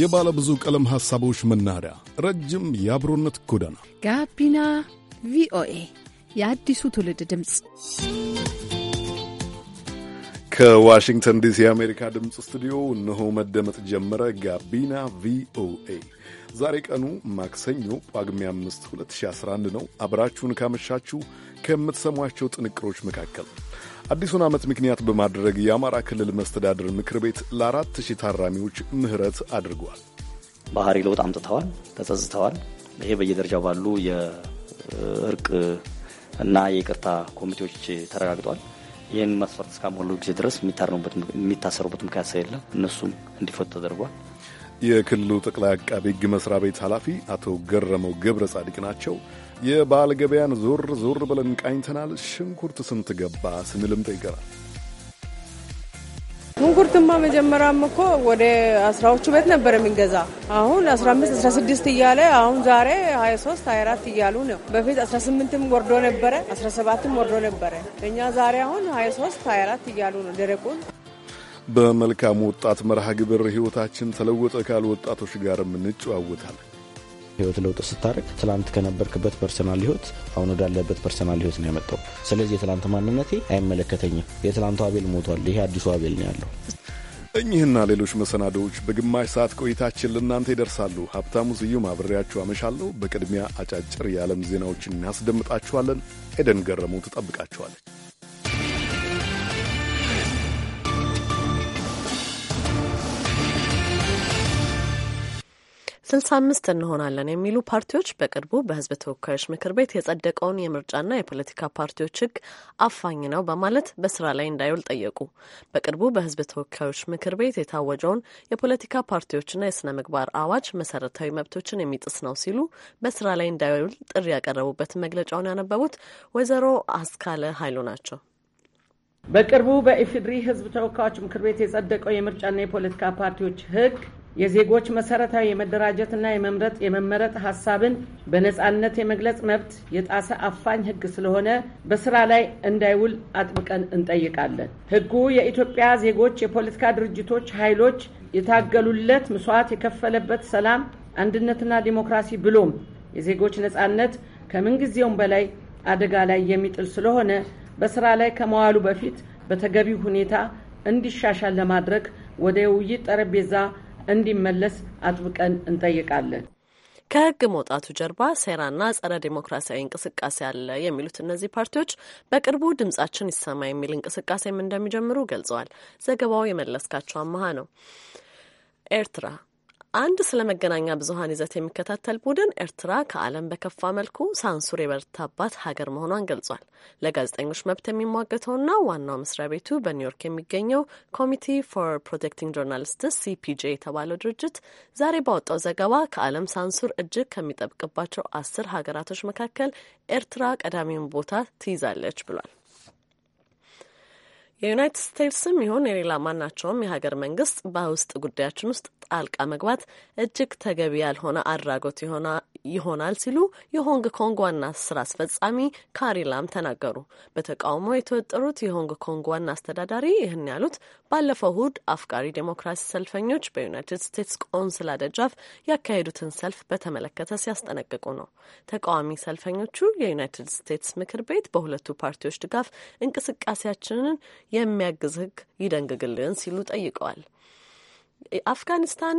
የባለ ብዙ ቀለም ሐሳቦች መናኸሪያ፣ ረጅም የአብሮነት ጎዳና፣ ጋቢና ቪኦኤ የአዲሱ ትውልድ ድምፅ ከዋሽንግተን ዲሲ የአሜሪካ ድምፅ ስቱዲዮ እነሆ መደመጥ ጀመረ። ጋቢና ቪኦኤ ዛሬ ቀኑ ማክሰኞ ጳጉሜ 5 2011 ነው። አብራችሁን ካመሻችሁ ከምትሰሟቸው ጥንቅሮች መካከል አዲሱን ዓመት ምክንያት በማድረግ የአማራ ክልል መስተዳድር ምክር ቤት ለአራት ሺህ ታራሚዎች ምህረት አድርጓል። ባህሪ ለውጥ አምጥተዋል፣ ተጸጽተዋል። ይሄ በየደረጃው ባሉ የእርቅ እና የይቅርታ ኮሚቴዎች ተረጋግጧል። ይህን መስፈርት እስካሟሉ ጊዜ ድረስ የሚታሰሩበት ምክንያት ስለሌለ እነሱም እንዲፈቱ ተደርጓል። የክልሉ ጠቅላይ አቃቤ ሕግ መስሪያ ቤት ኃላፊ አቶ ገረመው ገብረ ጻድቅ ናቸው። የባህል ገበያን ዞር ዞር ብለን ቃኝተናል። ሽንኩርት ስንት ገባ ስንልም ጠይቀናል። ሽንኩርትማ መጀመሪያም እኮ ወደ አስራዎቹ ቤት ነበር የምንገዛ። አሁን 15 16 እያለ አሁን ዛሬ 23 24 እያሉ ነው። በፊት 18ም ወርዶ ነበረ 17ም ወርዶ ነበረ። እኛ ዛሬ አሁን 23 24 እያሉ ነው ደረቁን። በመልካም ወጣት መርሃ ግብር ህይወታችን ተለወጠ ካሉ ወጣቶች ጋርም እንጨዋወታለን። ህይወት ለውጥ ስታደርግ ትላንት ከነበርክበት ፐርሰናል ህይወት አሁን ወዳለበት ፐርሰናል ህይወት ነው ያመጣው። ስለዚህ የትላንት ማንነቴ አይመለከተኝም። የትላንቱ አቤል ሞቷል፣ ይሄ አዲሱ አቤል ነው ያለው። እኚህና ሌሎች መሰናዶዎች በግማሽ ሰዓት ቆይታችን ልናንተ ይደርሳሉ። ሀብታሙ ስዩም አብሬያችሁ አመሻለሁ። በቅድሚያ አጫጭር የዓለም ዜናዎችን እናስደምጣችኋለን። ኤደን ገረሙ ትጠብቃችኋለች። ስልሳ አምስት እንሆናለን የሚሉ ፓርቲዎች በቅርቡ በህዝብ ተወካዮች ምክር ቤት የጸደቀውን የምርጫና የፖለቲካ ፓርቲዎች ህግ አፋኝ ነው በማለት በስራ ላይ እንዳይውል ጠየቁ። በቅርቡ በህዝብ ተወካዮች ምክር ቤት የታወጀውን የፖለቲካ ፓርቲዎችና የስነ ምግባር አዋጅ መሰረታዊ መብቶችን የሚጥስ ነው ሲሉ በስራ ላይ እንዳይውል ጥሪ ያቀረቡበት መግለጫውን ያነበቡት ወይዘሮ አስካለ ኃይሉ ናቸው። በቅርቡ በኢፌዴሪ ህዝብ ተወካዮች ምክር ቤት የጸደቀው የምርጫና የፖለቲካ ፓርቲዎች ህግ የዜጎች መሰረታዊ የመደራጀትና የመምረጥ የመመረጥ ሀሳብን በነጻነት የመግለጽ መብት የጣሰ አፋኝ ህግ ስለሆነ በስራ ላይ እንዳይውል አጥብቀን እንጠይቃለን። ህጉ የኢትዮጵያ ዜጎች፣ የፖለቲካ ድርጅቶች፣ ኃይሎች የታገሉለት ምስዋዕት የከፈለበት ሰላም፣ አንድነትና ዲሞክራሲ ብሎም የዜጎች ነጻነት ከምንጊዜውም በላይ አደጋ ላይ የሚጥል ስለሆነ በስራ ላይ ከመዋሉ በፊት በተገቢው ሁኔታ እንዲሻሻል ለማድረግ ወደ ውይይት ጠረጴዛ እንዲመለስ አጥብቀን እንጠይቃለን። ከህግ መውጣቱ ጀርባ ሴራና ጸረ ዴሞክራሲያዊ እንቅስቃሴ አለ የሚሉት እነዚህ ፓርቲዎች በቅርቡ ድምጻችን ይሰማ የሚል እንቅስቃሴም እንደሚጀምሩ ገልጸዋል። ዘገባው የመለስካቸው አመሀ ነው። ኤርትራ አንድ ስለ መገናኛ ብዙኃን ይዘት የሚከታተል ቡድን ኤርትራ ከዓለም በከፋ መልኩ ሳንሱር የበረታባት ሀገር መሆኗን ገልጿል። ለጋዜጠኞች መብት የሚሟገተውና ዋናው መስሪያ ቤቱ በኒውዮርክ የሚገኘው ኮሚቴ ፎር ፕሮቴክቲንግ ጆርናሊስትስ ሲፒጄ የተባለው ድርጅት ዛሬ ባወጣው ዘገባ ከዓለም ሳንሱር እጅግ ከሚጠብቅባቸው አስር ሀገራቶች መካከል ኤርትራ ቀዳሚውን ቦታ ትይዛለች ብሏል። የዩናይትድ ስቴትስም ይሁን የሌላ ማናቸውም የሀገር መንግስት በውስጥ ጉዳያችን ውስጥ ጣልቃ መግባት እጅግ ተገቢ ያልሆነ አድራጎት ይሆናል ሲሉ የሆንግ ኮንግ ዋና ስራ አስፈጻሚ ካሪ ላም ተናገሩ። በተቃውሞ የተወጠሩት የሆንግ ኮንግ ዋና አስተዳዳሪ ይህን ያሉት ባለፈው እሁድ አፍቃሪ ዴሞክራሲ ሰልፈኞች በዩናይትድ ስቴትስ ቆንስላ ደጃፍ ያካሄዱትን ሰልፍ በተመለከተ ሲያስጠነቅቁ ነው። ተቃዋሚ ሰልፈኞቹ የዩናይትድ ስቴትስ ምክር ቤት በሁለቱ ፓርቲዎች ድጋፍ እንቅስቃሴያችንን የሚያግዝ ህግ ይደንግግልን ሲሉ ጠይቀዋል። አፍጋኒስታን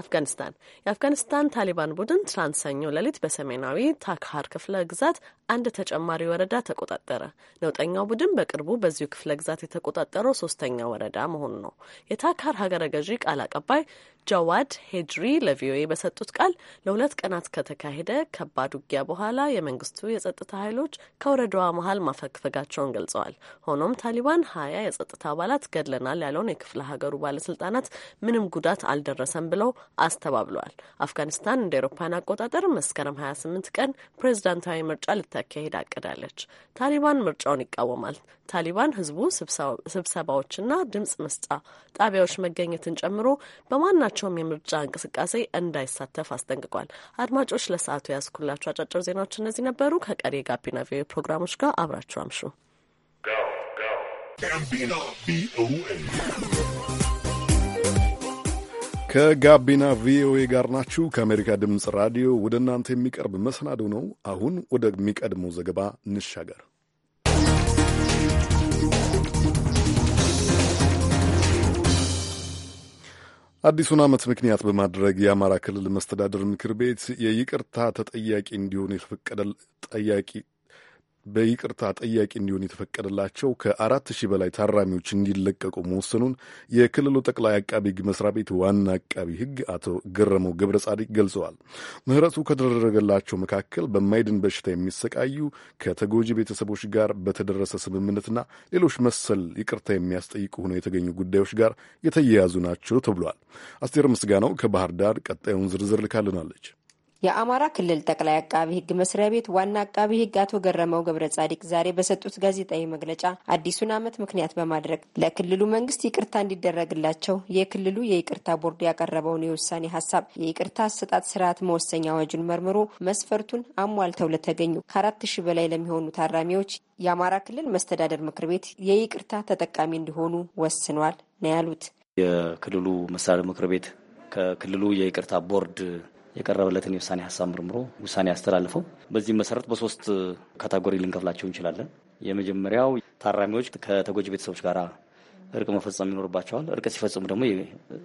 አፍጋኒስታን የአፍጋኒስታን ታሊባን ቡድን ትናንት ሰኞ ሌሊት በሰሜናዊ ታክሃር ክፍለ ግዛት አንድ ተጨማሪ ወረዳ ተቆጣጠረ። ነውጠኛው ቡድን በቅርቡ በዚሁ ክፍለ ግዛት የተቆጣጠረው ሶስተኛ ወረዳ መሆኑ ነው። የታክሃር ሀገረ ገዢ ቃል አቀባይ ጃዋድ ሄድሪ ለቪኦኤ በሰጡት ቃል ለሁለት ቀናት ከተካሄደ ከባድ ውጊያ በኋላ የመንግስቱ የጸጥታ ኃይሎች ከወረዳዋ መሀል ማፈግፈጋቸውን ገልጸዋል። ሆኖም ታሊባን ሀያ የጸጥታ አባላት ገድለናል ያለውን የክፍለ ሀገሩ ባለስልጣናት ምንም ጉዳት አልደረሰም ብለው አስተባብለዋል። አፍጋኒስታን እንደ ኤሮፓን አቆጣጠር መስከረም 28 ቀን ፕሬዝዳንታዊ ምርጫ ልታካሄድ አቅዳለች። ታሊባን ምርጫውን ይቃወማል። ታሊባን ህዝቡ ስብሰባዎችና ድምጽ መስጫ ጣቢያዎች መገኘትን ጨምሮ በማናቸውም የምርጫ እንቅስቃሴ እንዳይሳተፍ አስጠንቅቋል። አድማጮች ለሰዓቱ ያስኩላቸው አጫጭር ዜናዎች እነዚህ ነበሩ። ከቀሪ የጋቢና ቪ ፕሮግራሞች ጋር አብራችሁ አምሹ። ከጋቢና ቪኦኤ ጋር ናችሁ። ከአሜሪካ ድምፅ ራዲዮ ወደ እናንተ የሚቀርብ መሰናዶ ነው። አሁን ወደሚቀድመው ዘገባ እንሻገር። አዲሱን ዓመት ምክንያት በማድረግ የአማራ ክልል መስተዳደር ምክር ቤት የይቅርታ ተጠያቂ እንዲሆን የተፈቀደ ጠያቂ በይቅርታ ጠያቂ እንዲሆን የተፈቀደላቸው ከአራት ሺህ በላይ ታራሚዎች እንዲለቀቁ መወሰኑን የክልሉ ጠቅላይ አቃቢ ሕግ መስሪያ ቤት ዋና አቃቢ ሕግ አቶ ገረመው ገብረ ጻዲቅ ገልጸዋል። ምህረቱ ከተደረገላቸው መካከል በማይድን በሽታ የሚሰቃዩ ከተጎጂ ቤተሰቦች ጋር በተደረሰ ስምምነትና ሌሎች መሰል ይቅርታ የሚያስጠይቁ ሆነው የተገኙ ጉዳዮች ጋር የተያያዙ ናቸው ተብሏል። አስቴር ምስጋናው ከባህር ዳር ቀጣዩን ዝርዝር ልካልናለች። የአማራ ክልል ጠቅላይ አቃቢ ሕግ መስሪያ ቤት ዋና አቃቢ ሕግ አቶ ገረመው ገብረ ጻዲቅ ዛሬ በሰጡት ጋዜጣዊ መግለጫ አዲሱን ዓመት ምክንያት በማድረግ ለክልሉ መንግስት ይቅርታ እንዲደረግላቸው የክልሉ የይቅርታ ቦርድ ያቀረበውን የውሳኔ ሀሳብ የይቅርታ አሰጣጥ ስርዓት መወሰኛ አዋጁን መርምሮ መስፈርቱን አሟልተው ለተገኙ ከአራት ሺህ በላይ ለሚሆኑ ታራሚዎች የአማራ ክልል መስተዳደር ምክር ቤት የይቅርታ ተጠቃሚ እንዲሆኑ ወስኗል ነው ያሉት። የክልሉ መስተዳደር ምክር ቤት ከክልሉ የይቅርታ ቦርድ የቀረበለትን የውሳኔ ሀሳብ ምርምሮ ውሳኔ ያስተላልፈው። በዚህ መሰረት በሶስት ካታጎሪ ልንከፍላቸው እንችላለን። የመጀመሪያው ታራሚዎች ከተጎጂ ቤተሰቦች ጋር እርቅ መፈጸም ይኖርባቸዋል። እርቅ ሲፈጽሙ ደግሞ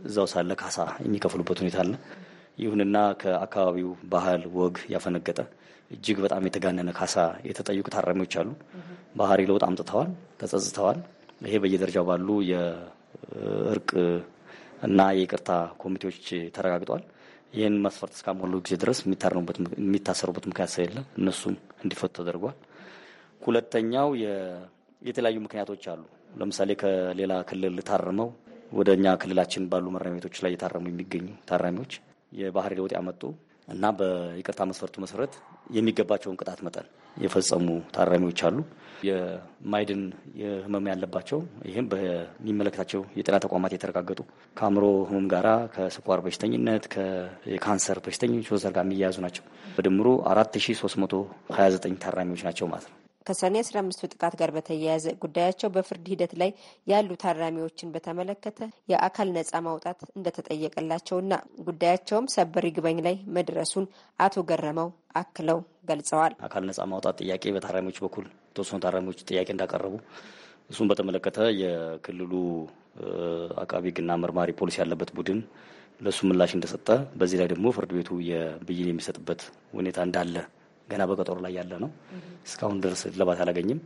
እዛው ሳለ ካሳ የሚከፍሉበት ሁኔታ አለ። ይሁንና ከአካባቢው ባህል ወግ ያፈነገጠ እጅግ በጣም የተጋነነ ካሳ የተጠየቁ ታራሚዎች አሉ። ባህሪ ለውጥ አምጥተዋል፣ ተጸጽተዋል። ይሄ በየደረጃው ባሉ የእርቅ እና የይቅርታ ኮሚቴዎች ተረጋግጧል። ይህን መስፈርት እስካሞሉ ጊዜ ድረስ የሚታሰሩበት ምክንያት ስለሌለ እነሱም እንዲፈቱ ተደርጓል። ሁለተኛው የተለያዩ ምክንያቶች አሉ። ለምሳሌ ከሌላ ክልል ታርመው ወደ እኛ ክልላችን ባሉ ማረሚያ ቤቶች ላይ የታረሙ የሚገኙ ታራሚዎች የባህሪ ለውጥ ያመጡ እና በይቅርታ መስፈርቱ መሰረት የሚገባቸውን ቅጣት መጠን የፈጸሙ ታራሚዎች አሉ። የማይድን ህመም ያለባቸው ይህም በሚመለከታቸው የጤና ተቋማት የተረጋገጡ ከአእምሮ ህመም ጋራ ከስኳር በሽተኝነት የካንሰር በሽተኞች ወዘር ጋር የሚያያዙ ናቸው። በድምሩ 4329 ታራሚዎች ናቸው ማለት ነው። ከሰኔ አስራ አምስቱ ጥቃት ጋር በተያያዘ ጉዳያቸው በፍርድ ሂደት ላይ ያሉ ታራሚዎችን በተመለከተ የአካል ነጻ ማውጣት እንደተጠየቀላቸውና ጉዳያቸውም ሰበር ይግባኝ ላይ መድረሱን አቶ ገረመው አክለው ገልጸዋል። አካል ነጻ ማውጣት ጥያቄ በታራሚዎች በኩል የተወሰኑ ታራሚዎች ጥያቄ እንዳቀረቡ እሱን በተመለከተ የክልሉ አቃቢ ሕግና መርማሪ ፖሊስ ያለበት ቡድን ለእሱ ምላሽ እንደሰጠ በዚህ ላይ ደግሞ ፍርድ ቤቱ የብይን የሚሰጥበት ሁኔታ እንዳለ ገና በቀጠሮ ላይ ያለ ነው። እስካሁን ድረስ እልባት አላገኝም።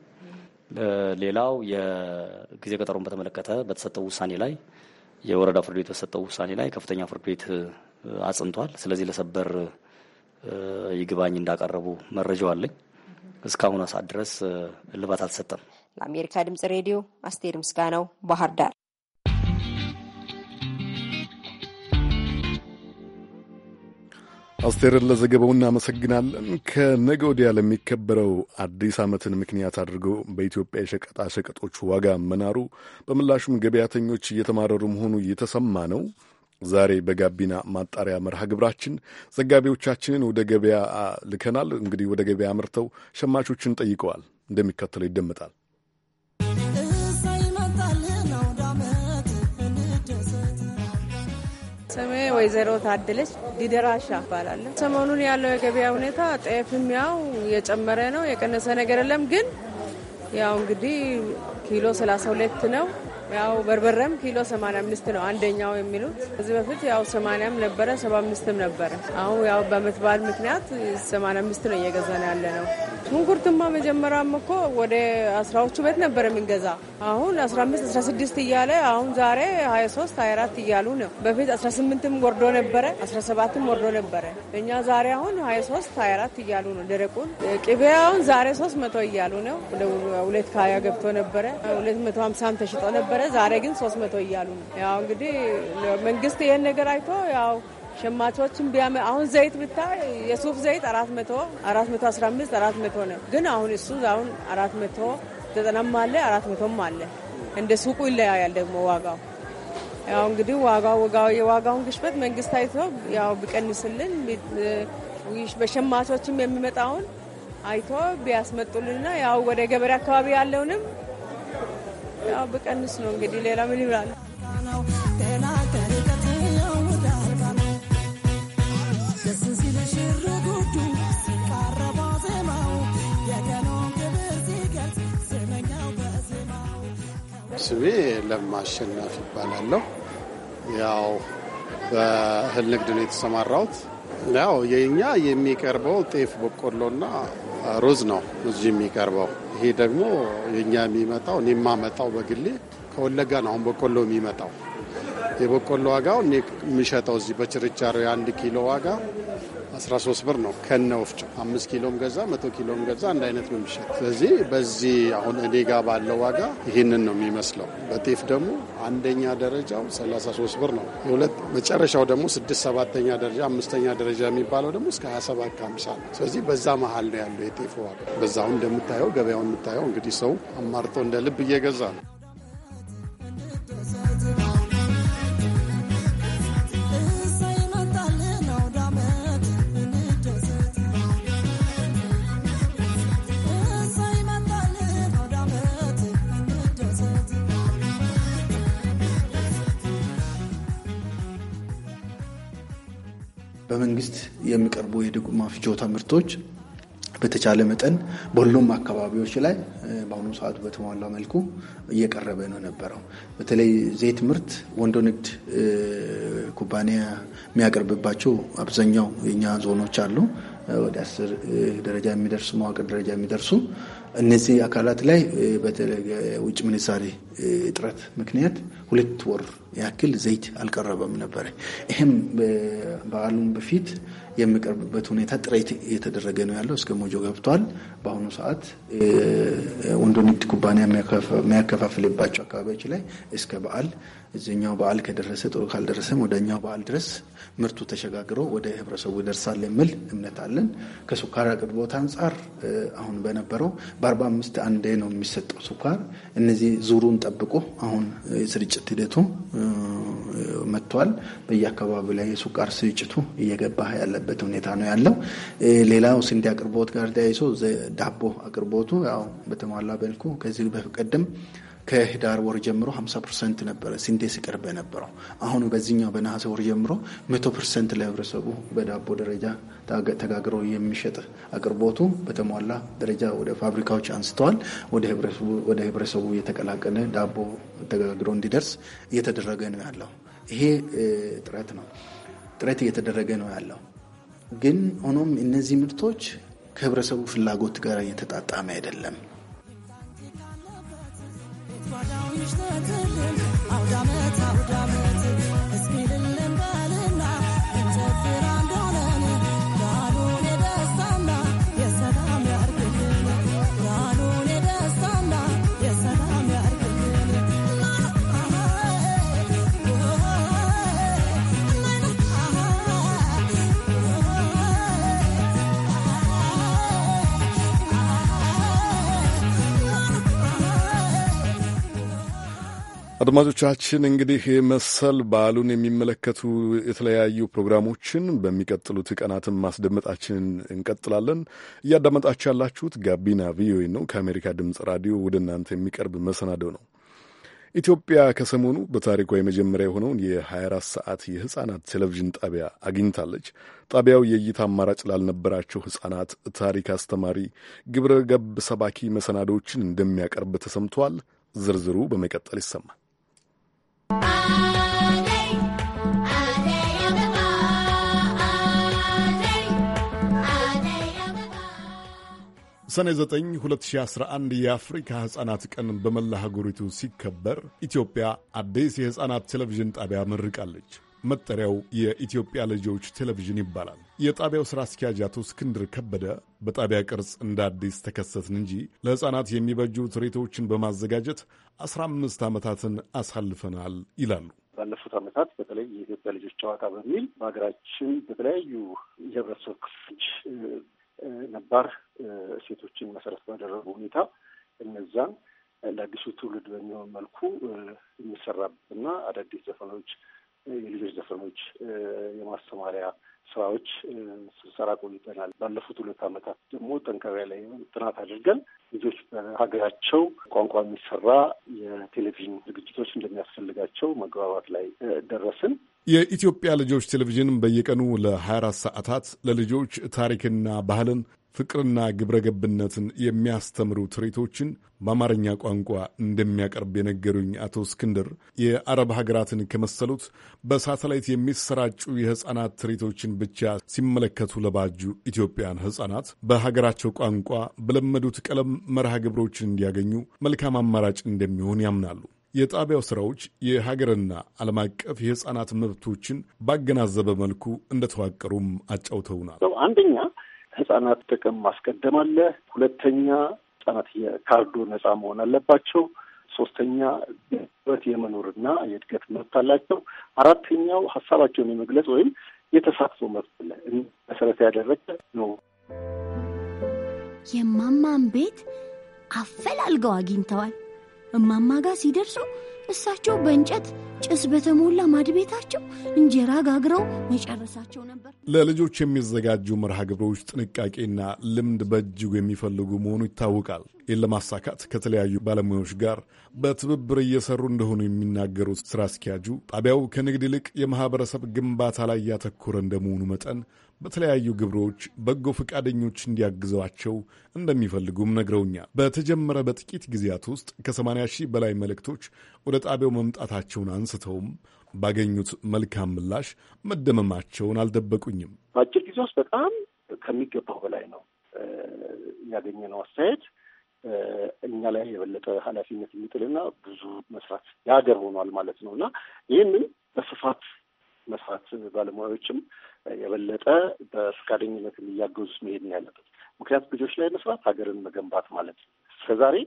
ሌላው የጊዜ ቀጠሮን በተመለከተ በተሰጠው ውሳኔ ላይ የወረዳ ፍርድ ቤት በተሰጠው ውሳኔ ላይ ከፍተኛ ፍርድ ቤት አጽንቷል። ስለዚህ ለሰበር ይግባኝ እንዳቀረቡ መረጃው አለኝ። እስካሁን ሰዓት ድረስ እልባት አልተሰጠም። ለአሜሪካ ድምጽ ሬዲዮ አስቴር ምስጋናው ባህር ዳር። አስቴርን ለዘገባው እናመሰግናለን። ከነገ ወዲያ ለሚከበረው አዲስ ዓመትን ምክንያት አድርገው በኢትዮጵያ የሸቀጣ ሸቀጦች ዋጋ መናሩ፣ በምላሹም ገበያተኞች እየተማረሩ መሆኑ እየተሰማ ነው። ዛሬ በጋቢና ማጣሪያ መርሃ ግብራችን ዘጋቢዎቻችንን ወደ ገበያ ልከናል። እንግዲህ ወደ ገበያ አምርተው ሸማቾችን ጠይቀዋል። እንደሚከተለው ይደመጣል። ወይዘሮ ታደለች ዲደራሻ እባላለሁ። ሰሞኑን ያለው የገበያ ሁኔታ ጤፍም ያው የጨመረ ነው፣ የቀነሰ ነገር የለም። ግን ያው እንግዲህ ኪሎ 32 ነው ያው በርበሬም ኪሎ 85 ነው አንደኛው የሚሉት። ከዚህ በፊት ያው 80ም ነበረ 75ም ነበረ። አሁን ያው በዓመት በዓል ምክንያት 85 ነው እየገዛን ያለ ነው። ሽንኩርትማ መጀመሪያም እኮ ወደ አስራዎቹ ቤት ነበረ የምንገዛ። አሁን 15 16 እያለ አሁን ዛሬ 23 24 እያሉ ነው። በፊት 18ም ወርዶ ነበረ 17ም ወርዶ ነበረ። እኛ ዛሬ አሁን 23 24 እያሉ ነው። ደረቁን ቅቤ አሁን ዛሬ 300 እያሉ ነው። ሁለት ካያ ገብቶ ነበረ 250 ተሽጦ ነበረ ነበረ። ዛሬ ግን ሶስት መቶ እያሉ ነው። ያው እንግዲህ መንግስት ይህን ነገር አይቶ ያው ሸማቾችን ቢያመ አሁን ዘይት ብታይ የሱፍ ዘይት አራት መቶ አራት መቶ አስራ አምስት አራት መቶ ነው። ግን አሁን እሱ አሁን አራት መቶ ዘጠናም አለ አራት መቶም አለ። እንደ ሱቁ ይለያያል ደግሞ ዋጋው። ያው እንግዲህ ዋጋው የዋጋውን ግሽበት መንግስት አይቶ ያው ቢቀንስልን በሸማቾችም የሚመጣውን አይቶ ቢያስመጡልንና ያው ወደ ገበሬ አካባቢ ያለውንም ያው ብቀንስ ነው እንግዲህ ሌላ ምን ይብላል። ስሜ ለማ አሸናፊ ይባላለሁ። ያው በእህል ንግድ ነው የተሰማራሁት። ያው የኛ የሚቀርበው ጤፍ፣ በቆሎና ሩዝ ነው እዚህ የሚቀርበው ይሄ ደግሞ የእኛ የሚመጣው እኔ የማመጣው በግሌ ከወለጋ ነው። አሁን በቆሎ የሚመጣው የበቆሎ ዋጋው እኔ የምሸጠው እዚህ በችርቻሮ የአንድ ኪሎ ዋጋ 13 ብር ነው ከነ ወፍጮ። አምስት ኪሎም ገዛ መቶ ኪሎም ገዛ አንድ አይነት ነው የሚሸጥ። ስለዚህ በዚህ አሁን እኔ ጋር ባለው ዋጋ ይህንን ነው የሚመስለው። በጤፍ ደግሞ አንደኛ ደረጃው 33 ብር ነው። የሁለት መጨረሻው ደግሞ ስድስት ሰባተኛ ደረጃ አምስተኛ ደረጃ የሚባለው ደግሞ እስከ 27 ከ50 ነው። ስለዚህ በዛ መሀል ነው ያለው የጤፍ ዋጋ። በዛሁን እንደምታየው ገበያው የምታየው እንግዲህ ሰው አማርጦ እንደ ልብ እየገዛ ነው። በመንግስት የሚቀርቡ የድጎማ ፍጆታ ምርቶች በተቻለ መጠን በሁሉም አካባቢዎች ላይ በአሁኑ ሰዓት በተሟላ መልኩ እየቀረበ ነው ነበረው። በተለይ ዘይት ምርት ወንዶ ንግድ ኩባንያ የሚያቀርብባቸው አብዛኛው የኛ ዞኖች አሉ። ወደ አስር ደረጃ የሚደርሱ መዋቅር ደረጃ የሚደርሱ እነዚህ አካላት ላይ ውጭ ምንዛሬ እጥረት ምክንያት ሁለት ወር ያክል ዘይት አልቀረበም ነበረ። ይህም በዓሉን በፊት የሚቀርብበት ሁኔታ ጥረት እየተደረገ ነው ያለው። እስከ ሞጆ ገብቷል። በአሁኑ ሰዓት ወንዶ ንግድ ኩባንያ የሚያከፋፍልባቸው አካባቢዎች ላይ እስከ በዓል እዚኛው በዓል ከደረሰ ጥሩ ካልደረሰም ወደኛው በዓል ድረስ ምርቱ ተሸጋግሮ ወደ ህብረተሰቡ ይደርሳል የሚል እምነት አለን። ከሱካር አቅርቦት አንጻር አሁን በነበረው በአርባ አምስት አንዴ ነው የሚሰጠው ሱካር እነዚህ ዙሩን ጠብቁ። አሁን የስርጭት ሂደቱ መጥቷል። በየአካባቢው ላይ የስኳር ስርጭቱ እየገባ ያለበት ሁኔታ ነው ያለው። ሌላው ስንዴ አቅርቦት ጋር ተያይዞ ዳቦ አቅርቦቱ ያው በተሟላ መልኩ ከዚህ በቀደም ከህዳር ወር ጀምሮ 50 ፐርሰንት ነበረ ስንዴ ሲቀርብ የነበረው። አሁን በዚህኛው በነሐሴ ወር ጀምሮ 100 ፐርሰንት ለህብረተሰቡ በዳቦ ደረጃ ተጋግሮ የሚሸጥ አቅርቦቱ በተሟላ ደረጃ ወደ ፋብሪካዎች አንስተዋል። ወደ ህብረተሰቡ የተቀላቀለ ዳቦ ተጋግሮ እንዲደርስ እየተደረገ ነው ያለው። ይሄ ጥረት ነው ጥረት እየተደረገ ነው ያለው። ግን ሆኖም እነዚህ ምርቶች ከህብረተሰቡ ፍላጎት ጋር እየተጣጣመ አይደለም። አውዳመት አውዳመት አድማጮቻችን እንግዲህ መሰል በዓሉን የሚመለከቱ የተለያዩ ፕሮግራሞችን በሚቀጥሉት ቀናትን ማስደመጣችንን እንቀጥላለን። እያዳመጣችሁ ያላችሁት ጋቢና ቪኦኤ ነው፣ ከአሜሪካ ድምፅ ራዲዮ ወደ እናንተ የሚቀርብ መሰናደው ነው። ኢትዮጵያ ከሰሞኑ በታሪኳ የመጀመሪያ የሆነውን የ24 ሰዓት የህፃናት ቴሌቪዥን ጣቢያ አግኝታለች። ጣቢያው የእይታ አማራጭ ላልነበራቸው ህፃናት ታሪክ አስተማሪ፣ ግብረ ገብ ሰባኪ መሰናዶዎችን እንደሚያቀርብ ተሰምተዋል። ዝርዝሩ በመቀጠል ይሰማል። ሰኔ 9 2011 የአፍሪካ ሕፃናት ቀን በመላ ሀገሪቱ ሲከበር ኢትዮጵያ አዲስ የሕፃናት ቴሌቪዥን ጣቢያ መርቃለች። መጠሪያው የኢትዮጵያ ልጆች ቴሌቪዥን ይባላል። የጣቢያው ሥራ አስኪያጅ አቶ እስክንድር ከበደ በጣቢያ ቅርጽ እንደ አዲስ ተከሰትን እንጂ ለሕፃናት የሚበጁ ትርኢቶችን በማዘጋጀት አስራ አምስት ዓመታትን አሳልፈናል ይላሉ። ባለፉት ዓመታት በተለይ የኢትዮጵያ ልጆች ጨዋታ በሚል በሀገራችን በተለያዩ የህብረተሰብ ክፍሎች ነባር ሴቶችን መሰረት ባደረጉ ሁኔታ እነዛን ለአዲሱ ትውልድ በሚሆን መልኩ የሚሰራበትና አዳዲስ ዘፈኖች የልጆች ዘፈኖች የማስተማሪያ ስራዎች ስንሰራ ቆይተናል። ባለፉት ሁለት ዓመታት ደግሞ ጠንከራ ላይ ጥናት አድርገን ልጆች በሀገራቸው ቋንቋ የሚሰራ የቴሌቪዥን ዝግጅቶች እንደሚያስፈልጋቸው መግባባት ላይ ደረስን። የኢትዮጵያ ልጆች ቴሌቪዥን በየቀኑ ለ24 ሰዓታት ለልጆች ታሪክና ባህልን ፍቅርና ግብረ ገብነትን የሚያስተምሩ ትርኢቶችን በአማርኛ ቋንቋ እንደሚያቀርብ የነገሩኝ አቶ እስክንድር የአረብ ሀገራትን ከመሰሉት በሳተላይት የሚሰራጩ የሕፃናት ትርኢቶችን ብቻ ሲመለከቱ ለባጁ ኢትዮጵያን ሕፃናት በሀገራቸው ቋንቋ በለመዱት ቀለም መርሃ ግብሮችን እንዲያገኙ መልካም አማራጭ እንደሚሆን ያምናሉ። የጣቢያው ስራዎች የሀገርና ዓለም አቀፍ የሕፃናት መብቶችን ባገናዘበ መልኩ እንደተዋቀሩም አጫውተውናል። አንደኛ ህጻናት ጥቅም ማስቀደም አለ። ሁለተኛ ህጻናት የካርዱ ነጻ መሆን አለባቸው። ሶስተኛ በት የመኖርና የእድገት መብት አላቸው። አራተኛው ሀሳባቸውን የመግለጽ ወይም የተሳትፎ መብት አለ። መሰረት ያደረገ ነው። የማማን ቤት አፈላልገው አግኝተዋል። እማማ ጋር ሲደርሱ እሳቸው በእንጨት ጭስ በተሞላ ማድቤታቸው እንጀራ ጋግረው መጨረሳቸው ነበር። ለልጆች የሚዘጋጁ መርሃ ግብሮች ጥንቃቄና ልምድ በእጅጉ የሚፈልጉ መሆኑ ይታወቃል። ይህን ለማሳካት ከተለያዩ ባለሙያዎች ጋር በትብብር እየሰሩ እንደሆኑ የሚናገሩት ስራ አስኪያጁ ጣቢያው ከንግድ ይልቅ የማህበረሰብ ግንባታ ላይ ያተኮረ እንደመሆኑ መጠን በተለያዩ ግብሮች በጎ ፈቃደኞች እንዲያግዘዋቸው እንደሚፈልጉም ነግረውኛል። በተጀመረ በጥቂት ጊዜያት ውስጥ ከ80 ሺህ በላይ መልእክቶች ወደ ጣቢያው መምጣታቸውን አንስተውም ባገኙት መልካም ምላሽ መደመማቸውን አልደበቁኝም። በአጭር ጊዜ ውስጥ በጣም ከሚገባው በላይ ነው ያገኘነው አስተያየት እኛ ላይ የበለጠ ኃላፊነት የሚጥልና ብዙ መስራት የሀገር ሆኗል ማለት ነው እና ይህንን በስፋት መስራት ባለሙያዎችም የበለጠ በፈቃደኝነትን እያገዙት መሄድ ነው ያለበት። ምክንያቱም ልጆች ላይ መስራት ሀገርን መገንባት ማለት ነው። እስከዛሬ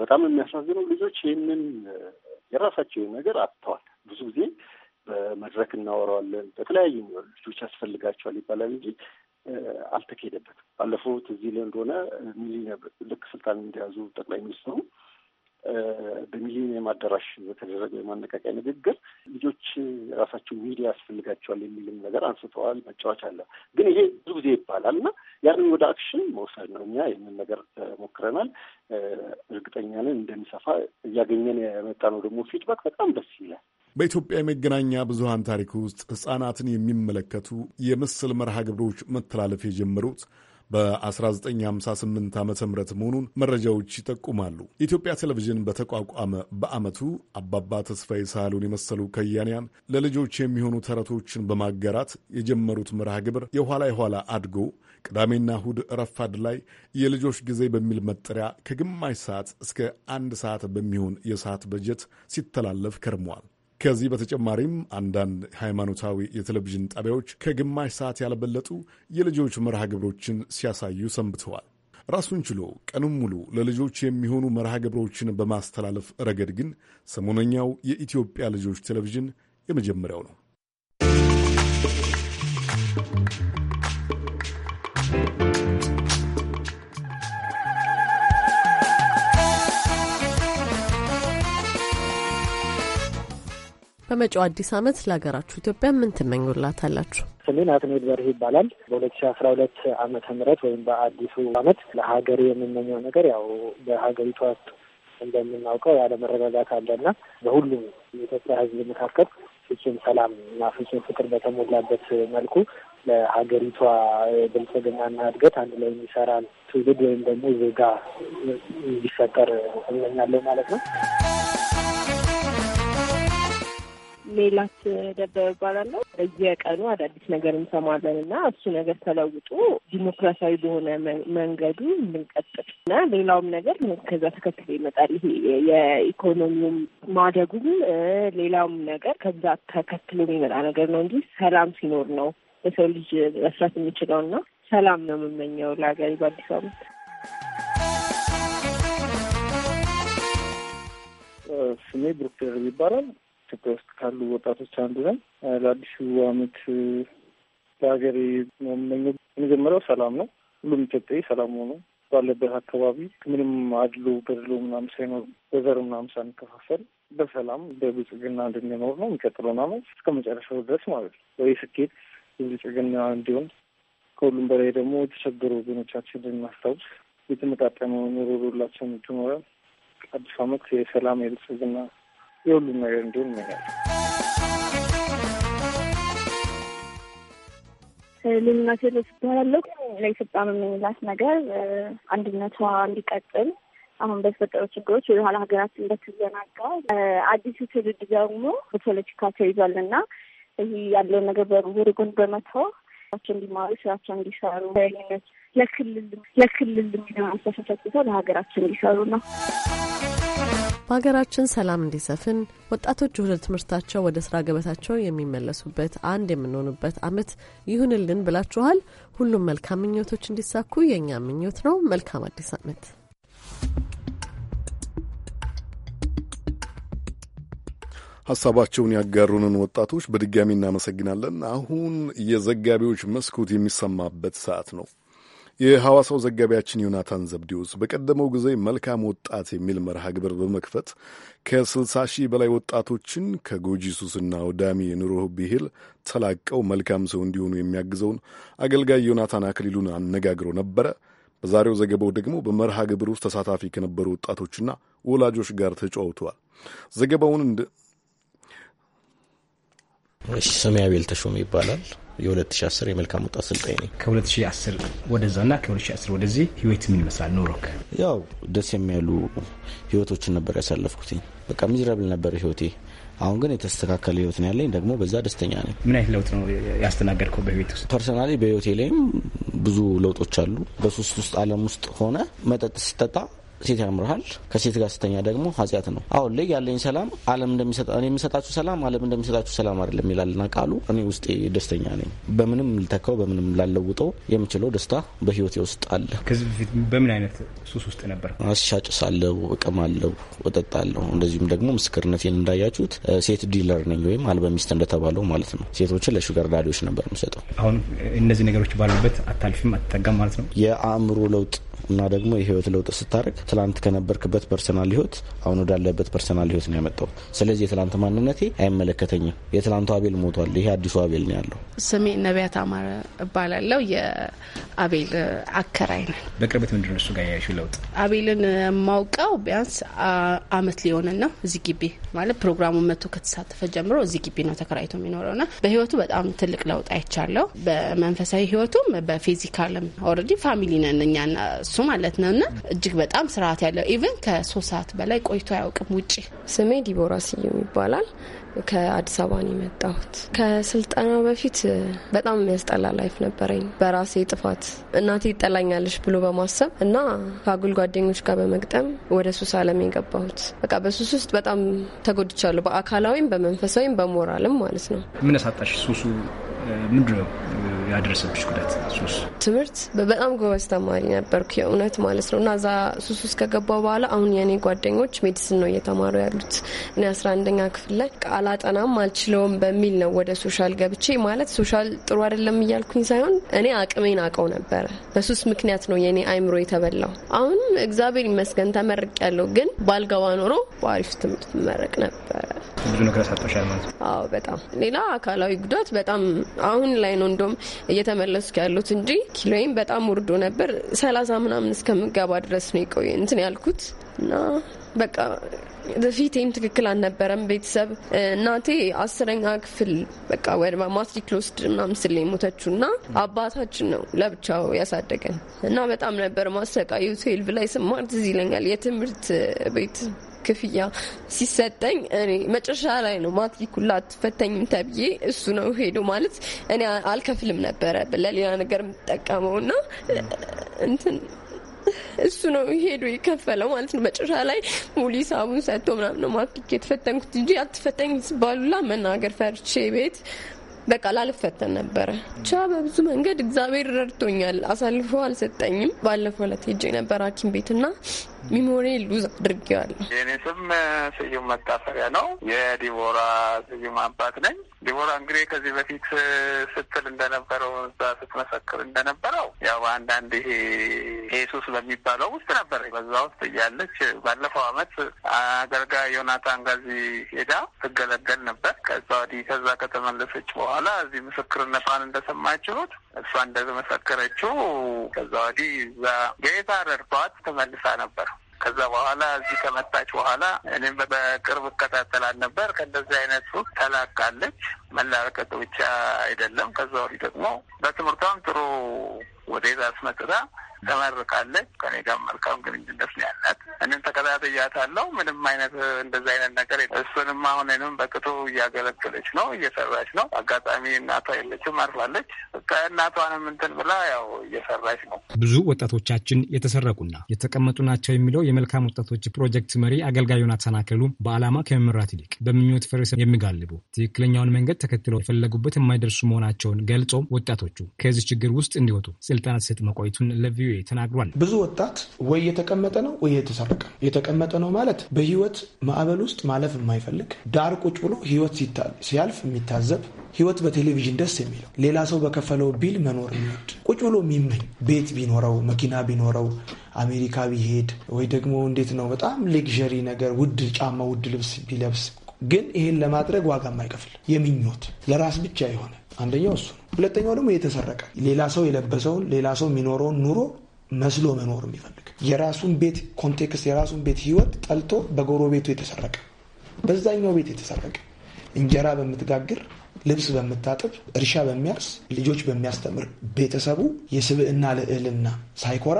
በጣም የሚያሳዝነው ልጆች ይህንን የራሳቸውን ነገር አጥተዋል። ብዙ ጊዜ በመድረክ እናወራዋለን፣ በተለያዩ ልጆች ያስፈልጋቸዋል ይባላል እንጂ አልተካሄደበትም። ባለፈው እዚህ ላይ እንደሆነ ሚሊ ልክ ስልጣን እንደያዙ ጠቅላይ ሚኒስትሩ በሚሊኒየም አዳራሽ በተደረገው የማነቃቂያ ንግግር ልጆች የራሳቸው ሚዲያ ያስፈልጋቸዋል የሚልም ነገር አንስተዋል። መጫወች አለ ግን ይሄ ብዙ ጊዜ ይባላል እና ያንን ወደ አክሽን መውሰድ ነው። እኛ ይህንን ነገር ሞክረናል። እርግጠኛ ነን እንደሚሰፋ። እያገኘን የመጣ ነው ደግሞ ፊድባክ በጣም ደስ ይላል። በኢትዮጵያ የመገናኛ ብዙሀን ታሪክ ውስጥ ህጻናትን የሚመለከቱ የምስል መርሃ ግብሮች መተላለፍ የጀመሩት በ1958 ዓ ም መሆኑን መረጃዎች ይጠቁማሉ። ኢትዮጵያ ቴሌቪዥን በተቋቋመ በዓመቱ አባባ ተስፋዬ ሳህሉን የመሰሉ ከያንያን ለልጆች የሚሆኑ ተረቶችን በማጋራት የጀመሩት መርሃ ግብር የኋላ የኋላ አድጎ ቅዳሜና እሁድ ረፋድ ላይ የልጆች ጊዜ በሚል መጠሪያ ከግማሽ ሰዓት እስከ አንድ ሰዓት በሚሆን የሰዓት በጀት ሲተላለፍ ከርሟል። ከዚህ በተጨማሪም አንዳንድ ሃይማኖታዊ የቴሌቪዥን ጣቢያዎች ከግማሽ ሰዓት ያልበለጡ የልጆች መርሃ ግብሮችን ሲያሳዩ ሰንብተዋል። ራሱን ችሎ ቀኑን ሙሉ ለልጆች የሚሆኑ መርሃ ግብሮችን በማስተላለፍ ረገድ ግን ሰሞነኛው የኢትዮጵያ ልጆች ቴሌቪዥን የመጀመሪያው ነው። በመጪው አዲስ ዓመት ለሀገራችሁ ኢትዮጵያ ምን ትመኙላት አላችሁ? ስሜን አትኔድ በርሄ ይባላል። በሁለት ሺ አስራ ሁለት አመተ ምህረት ወይም በአዲሱ አመት ለሀገር የምመኘው ነገር ያው በሀገሪቷ ውስጥ እንደምናውቀው ያለመረጋጋት አለና በሁሉም የኢትዮጵያ ሕዝብ መካከል ፍጹም ሰላም እና ፍጹም ፍቅር በተሞላበት መልኩ ለሀገሪቷ ብልጽግናና እድገት አንድ ላይ የሚሰራ ትውልድ ወይም ደግሞ ዜጋ እንዲፈጠር እመኛለሁ ማለት ነው። ሜላት ደበበ እባላለሁ። በየቀኑ አዳዲስ ነገር እንሰማለን እና እሱ ነገር ተለውጦ ዲሞክራሲያዊ በሆነ መንገዱ እንድንቀጥል እና ሌላውም ነገር ከዛ ተከትሎ ይመጣል። ይሄ የኢኮኖሚውም ማደጉም ሌላውም ነገር ከዛ ተከትሎ የሚመጣ ነገር ነው እንጂ ሰላም ሲኖር ነው የሰው ልጅ መስራት የሚችለው እና ሰላም ነው የምመኘው ለሀገሬ በአዲስ ዓመት። ስሜ ብሩክ ይባላል። ኢትዮጵያ ውስጥ ካሉ ወጣቶች አንዱ ነኝ። ለአዲሱ አመት ለሀገር የምመኘው የመጀመሪያው ሰላም ነው። ሁሉም ኢትዮጵያዊ ሰላም ሆኖ ባለበት አካባቢ ምንም አድሎ በድሎ ምናምን ሳይኖር በዘር ምናምን ሳንከፋፈል በሰላም በብልጽግና እንድንኖር ነው የሚቀጥለውን አመት እስከ መጨረሻው ድረስ ማለት ነው። ወይ ስኬት የብልጽግና እንዲሆን ከሁሉም በላይ ደግሞ የተቸገሩ ወገኖቻችን እንድናስታውስ የተመጣጠነ ኑሮ ሁላችን እንዲኖረን አዲሱ አመት የሰላም የብልጽግና የሁሉም ነገር እንዲሁም ይሆናል። ልምና ሴሎች ይባላለሁ። ለኢትዮጵያ የምመኝላት ነገር አንድነቷ እንዲቀጥል አሁን በተፈጠሩ ችግሮች ወደ ኋላ ሀገራት እንደተዘናጋ አዲሱ ትውልድ ደግሞ በፖለቲካ ተይዟልና ይህ ያለውን ነገር በቡር ጎን በመተው ስራቸው እንዲማሩ ስራቸው እንዲሰሩ ለክልል ለክልል የሚለው አስተሳሰብ ለሀገራቸው እንዲሰሩ ነው። በሀገራችን ሰላም እንዲሰፍን ወጣቶች ወደ ትምህርታቸው፣ ወደ ስራ ገበታቸው የሚመለሱበት አንድ የምንሆኑበት አመት ይሁንልን ብላችኋል። ሁሉም መልካም ምኞቶች እንዲሳኩ የእኛ ምኞት ነው። መልካም አዲስ አመት። ሀሳባቸውን ያጋሩንን ወጣቶች በድጋሚ እናመሰግናለን። አሁን የዘጋቢዎች መስኮት የሚሰማበት ሰዓት ነው። የሐዋሳው ዘጋቢያችን ዮናታን ዘብዲዎስ በቀደመው ጊዜ መልካም ወጣት የሚል መርሃ ግብር በመክፈት ከስልሳ ሺህ በላይ ወጣቶችን ከጎጂ ሱስና ወዳሚ የኑሮ ብሂል ተላቀው መልካም ሰው እንዲሆኑ የሚያግዘውን አገልጋይ ዮናታን አክሊሉን አነጋግሮ ነበረ። በዛሬው ዘገባው ደግሞ በመርሃ ግብር ውስጥ ተሳታፊ ከነበሩ ወጣቶችና ወላጆች ጋር ተጫውተዋል። ዘገባውን እንደ አቤል ተሾም ይባላል። የ2010 የመልካም ወጣት ስልጣኝ ነኝ። ከ2010 ና ከ2010 ወደዚህ ህይወት ምን ይመስላል ኑሮክ? ያው ደስ የሚያሉ ህይወቶችን ነበር ያሳለፍኩትኝ። በቃ ሚዝራብል ነበር ህይወቴ። አሁን ግን የተስተካከለ ህይወት ነው ያለኝ። ደግሞ በዛ ደስተኛ ነኝ። ምን አይነት ለውጥ ነው ያስተናገድከው በህይወት ውስጥ? ፐርሰናሊ በህይወቴ ላይም ብዙ ለውጦች አሉ። በሱስ ውስጥ አለም ውስጥ ሆነ መጠጥ ስጠጣ ሴት ያምርሃል፣ ከሴት ጋር ስተኛ ደግሞ ኃጢአት ነው። አሁን ላይ ያለኝ ሰላም ዓለም የሚሰጣችሁ ሰላም ዓለም እንደሚሰጣችሁ ሰላም አይደለም ይላልና ቃሉ። እኔ ውስጤ ደስተኛ ነኝ። በምንም ልተካው በምንም ላለውጠው የምችለው ደስታ በህይወቴ ውስጥ አለ። ከዚህ በፊት በምን አይነት ሱስ ውስጥ ነበር? አሻጭሳለሁ፣ እቅማለሁ፣ እጠጣለሁ። እንደዚሁም ደግሞ ምስክርነቴን እንዳያችሁት ሴት ዲለር ነኝ ወይም አልበሚስት እንደተባለው ማለት ነው። ሴቶችን ለሹገር ዳዲዎች ነበር የምሰጠው። አሁን እነዚህ ነገሮች ባሉበት አታልፊም አትጠጋም ማለት ነው። የአእምሮ ለውጥ እና ደግሞ የህይወት ለውጥ ስታደርግ ትላንት ከነበርክበት ፐርሰናል ህይወት አሁን ወዳለበት ፐርሰናል ህይወት ነው ያመጣው። ስለዚህ የትላንት ማንነቴ አይመለከተኝም። የትላንቱ አቤል ሞቷል። ይሄ አዲሱ አቤል ነው ያለው። ስሜ ነቢያት አማረ እባላለሁ። የአቤል አከራይ ነን። በቅርበት ምንድን ነው እሱ ጋር ያሹ ለውጥ? አቤልን የማውቀው ቢያንስ አመት ሊሆንን ነው እዚህ ግቢ ማለት ፕሮግራሙ መቶ ከተሳተፈ ጀምሮ እዚህ ግቢ ነው ተከራይቶ የሚኖረው ና በህይወቱ በጣም ትልቅ ለውጥ አይቻለሁ። በመንፈሳዊ ህይወቱም በፊዚካልም ኦልሬዲ ፋሚሊ ነን እኛና እሱ ማለት ነው እና እጅግ በጣም ስርዓት ያለው ኢቨን ከሶስት ሰዓት በላይ ቆይቶ አያውቅም ውጭ። ስሜ ዲቦራ ስዩም ይባላል። ከአዲስ አበባ ነው የመጣሁት። ከስልጠና በፊት በጣም የሚያስጠላ ላይፍ ነበረኝ። በራሴ ጥፋት እናቴ ይጠላኛለች ብሎ በማሰብ እና ከአጉል ጓደኞች ጋር በመግጠም ወደ ሱስ አለም የገባሁት። በቃ በሱስ ውስጥ በጣም ተጎድቻለሁ፣ በአካላዊም፣ በመንፈሳዊም በሞራልም ማለት ነው። ምን ያሳጣሽ ሱሱ ምንድን ነው? ያደረሰብሽ ጉዳት ሱስ? ትምህርት በጣም ጎበዝ ተማሪ ነበርኩ የእውነት ማለት ነው እና እዛ ሱስ ውስጥ ከገባው በኋላ አሁን የእኔ ጓደኞች ሜዲሲን ነው እየተማሩ ያሉት። እኔ አስራ አንደኛ ክፍል ላይ አላጠናም አልችለውም በሚል ነው ወደ ሶሻል ገብቼ ማለት ሶሻል ጥሩ አይደለም እያልኩኝ ሳይሆን እኔ አቅሜን አውቀው ነበረ። በሱስ ምክንያት ነው የእኔ አይምሮ የተበላው። አሁን እግዚአብሔር ይመስገን ተመርቅ ያለው ግን ባልገባ ኖሮ በአሪፍ ትምህርት መረቅ ነበረ። ብዙ ነገር አሳጥቶሻል ማለት ነው? አዎ በጣም ሌላ አካላዊ ጉዳት በጣም አሁን ላይ ነው እንደውም እየተመለስኩ ያሉት እንጂ ኪሎይም በጣም ውርዶ ነበር። ሰላሳ ምናምን እስከምገባ ድረስ ነው የቆየ እንትን ያልኩት እና በቃ በፊቴም ትክክል አልነበረም። ቤተሰብ እናቴ አስረኛ ክፍል በቃ ወደ ማትሪክ ልወስድ ምናምን ስል የሞተችው እና አባታችን ነው ለብቻው ያሳደገን እና በጣም ነበር ማሰቃዩ። ቴልቭ ላይ ስማርት ትዝ ይለኛል የትምህርት ቤት ክፍያ ሲሰጠኝ እኔ መጨረሻ ላይ ነው ማትሪኩላ አትፈተኝም ተብዬ እሱ ነው ሄዶ ማለት እኔ አልከፍልም ነበረ ለሌላ ነገር የምጠቀመው እና እንትን እሱ ነው ሄዶ የከፈለው ማለት ነው። መጨረሻ ላይ ሙሉ ሂሳቡን ሰጥቶ ምናምን ነው ማትሪክ የተፈተንኩት እንጂ አትፈተኝ ሲባሉላ መናገር ፈርቼ ቤት በቃ ላልፈተን ነበረ። ብቻ በብዙ መንገድ እግዚአብሔር ረድቶኛል። አሳልፎ አልሰጠኝም። ባለፈው ዕለት ሄጄ ነበር ሐኪም ቤትና ሚሞሪ ሉዝ አድርጌዋለሁ። የኔ ስም ስዩም መታፈሪያ ነው። የዲቦራ ስዩም አባት ነኝ። ዲቦራ እንግዲህ ከዚህ በፊት ስትል እንደነበረው እዛ ስትመሰክር እንደነበረው ያው አንዳንድ ይሄ ሱስ በሚባለው ውስጥ ነበር። በዛ ውስጥ እያለች ባለፈው አመት አገልጋይ ዮናታን ጋዚ ሄዳ ትገለገል ነበር። ከዛ ወዲህ ከዛ ከተመለሰች በኋላ እዚህ ምስክርነቷን እንደሰማችሁት እሷ እንደመሰከረችው ከዛ ወዲህ እዛ ጌታ ረድቷት ተመልሳ ነበር። ከዛ በኋላ እዚህ ከመጣች በኋላ እኔም በቅርብ እከታተላል ነበር። ከእንደዚህ አይነቱ ተላቃለች። መላቀቅ ብቻ አይደለም፣ ከዛ ወዲህ ደግሞ በትምህርቷም ጥሩ ወደ አስመጥታ ተመርቃለች። ከኔ ጋር መልካም ግንኙነት ነው ያላት። እኔም ተከታተያታለሁ። ምንም አይነት እንደዛ አይነት ነገር እሱንም አሁንንም በቅጡ እያገለገለች ነው፣ እየሰራች ነው። አጋጣሚ እናቷ የለችም፣ አርፋለች። ከእናቷንም እንትን ብላ ያው እየሰራች ነው። ብዙ ወጣቶቻችን የተሰረቁና የተቀመጡ ናቸው የሚለው የመልካም ወጣቶች ፕሮጀክት መሪ አገልጋይ ዮናታን አክሉ በዓላማ ከመምራት ይልቅ በምኞት ፈረስ የሚጋልቡ ትክክለኛውን መንገድ ተከትለው የፈለጉበት የማይደርሱ መሆናቸውን ገልጾ ወጣቶቹ ከዚህ ችግር ውስጥ እንዲወጡ ስልጠና ሲሰጥ መቆየቱን ለቪ ለቪኦኤ ተናግሯል። ብዙ ወጣት ወይ የተቀመጠ ነው ወይ የተሰረቀ ነው። የተቀመጠ ነው ማለት በህይወት ማዕበል ውስጥ ማለፍ የማይፈልግ ዳር ቁጭ ብሎ ህይወት ሲያልፍ የሚታዘብ ህይወት በቴሌቪዥን ደስ የሚለው ሌላ ሰው በከፈለው ቢል መኖር የሚወድ ቁጭ ብሎ የሚመኝ ቤት ቢኖረው መኪና ቢኖረው አሜሪካ ቢሄድ ወይ ደግሞ እንዴት ነው በጣም ሌግዠሪ ነገር ውድ ጫማ ውድ ልብስ ቢለብስ ግን ይሄን ለማድረግ ዋጋ የማይከፍል የምኞት ለራስ ብቻ የሆነ አንደኛው እሱ ነው። ሁለተኛው ደግሞ የተሰረቀ ሌላ ሰው የለበሰውን ሌላ ሰው የሚኖረውን ኑሮ መስሎ መኖር የሚፈልግ የራሱን ቤት ኮንቴክስት የራሱን ቤት ህይወት ጠልቶ ቤቱ የተሰረቀ በዛኛው ቤት የተሰረቀ እንጀራ በምትጋግር ልብስ በምታጥብ እርሻ በሚያርስ ልጆች በሚያስተምር ቤተሰቡ የስብዕና ልዕልና ሳይኮራ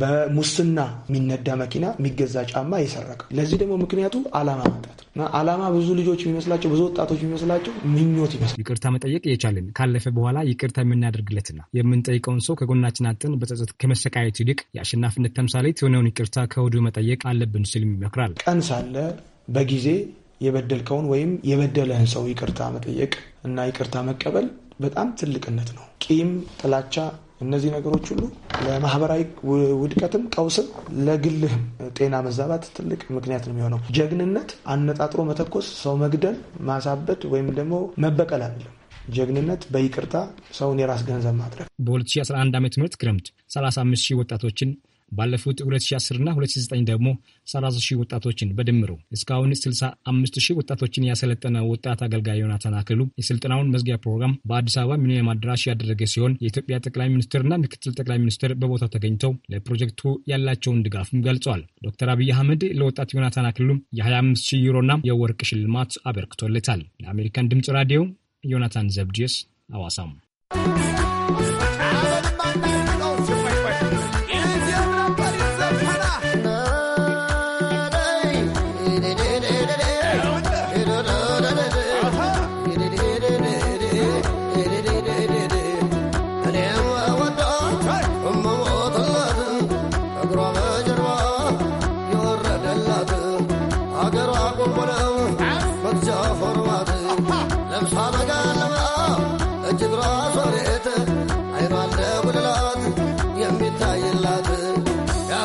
በሙስና የሚነዳ መኪና የሚገዛ ጫማ የሰረቀ። ለዚህ ደግሞ ምክንያቱ አላማ ማጣት እና አላማ ብዙ ልጆች የሚመስላቸው ብዙ ወጣቶች የሚመስላቸው ምኞት ይመስላል። ይቅርታ መጠየቅ የቻልን ካለፈ በኋላ ይቅርታ የምናደርግለትና የምንጠይቀውን ሰው ከጎናችን አጥን በጸጸት ከመሰቃየት ይልቅ የአሸናፊነት ተምሳሌት የሆነውን ይቅርታ ከወዱ መጠየቅ አለብን ሲልም ይመክራል። ቀን ሳለ በጊዜ የበደልከውን ወይም የበደለህን ሰው ይቅርታ መጠየቅ እና ይቅርታ መቀበል በጣም ትልቅነት ነው። ቂም ጥላቻ እነዚህ ነገሮች ሁሉ ለማህበራዊ ውድቀትም፣ ቀውስም፣ ለግልህም ጤና መዛባት ትልቅ ምክንያት ነው የሚሆነው። ጀግንነት አነጣጥሮ መተኮስ፣ ሰው መግደል፣ ማሳበድ ወይም ደግሞ መበቀል አይደለም። ጀግንነት በይቅርታ ሰውን የራስ ገንዘብ ማድረግ። በ2011 ዓ ም ክረምት 35 ሺህ ወጣቶችን ባለፉት 2010ና 2009 ደግሞ 30 ሺህ ወጣቶችን በድምሩ እስካሁን 65 ሺህ ወጣቶችን ያሰለጠነ ወጣት አገልጋይ ዮናታን አክሉ የስልጠናውን መዝጊያ ፕሮግራም በአዲስ አበባ ሚሊኒየም አዳራሽ ያደረገ ሲሆን የኢትዮጵያ ጠቅላይ ሚኒስትርና ምክትል ጠቅላይ ሚኒስትር በቦታው ተገኝተው ለፕሮጀክቱ ያላቸውን ድጋፍም ገልጸዋል። ዶክተር አብይ አህመድ ለወጣት ዮናታን አክሉ የ25 ሺህ ዩሮና የወርቅ ሽልማት አበርክቶለታል። ለአሜሪካን ድምፅ ራዲዮ ዮናታን ዘብድዮስ አዋሳም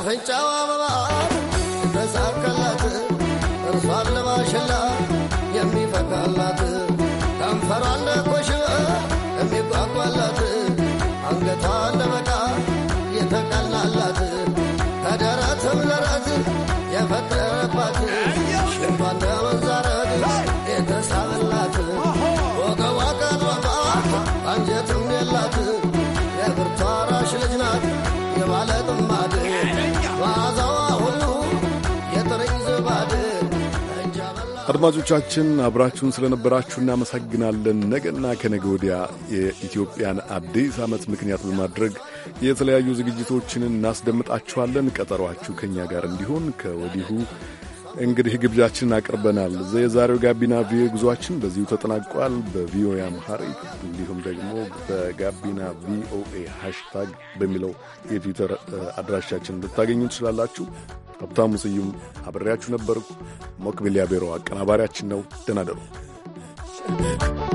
ያፈንጫው አበባ ተሳካላት እርሷን ለማሸላ የሚፈካላት አድማጮቻችን አብራችሁን ስለነበራችሁ እናመሰግናለን። ነገና ከነገ ወዲያ የኢትዮጵያን አዲስ ዓመት ምክንያት በማድረግ የተለያዩ ዝግጅቶችን እናስደምጣችኋለን። ቀጠሯችሁ ከእኛ ጋር እንዲሆን ከወዲሁ እንግዲህ ግብዣችን አቅርበናል። የዛሬው ጋቢና ቪኦኤ ጉዟችን በዚሁ ተጠናቋል። በቪኦኤ አምሃሪክ እንዲሁም ደግሞ በጋቢና ቪኦኤ ሃሽታግ በሚለው የትዊተር አድራሻችን ልታገኙ ትችላላችሁ። ሀብታሙ ስዩም አብሬያችሁ ነበርኩ። ሞክቢሊያ ቢሮ አቀናባሪያችን ነው። Thank you.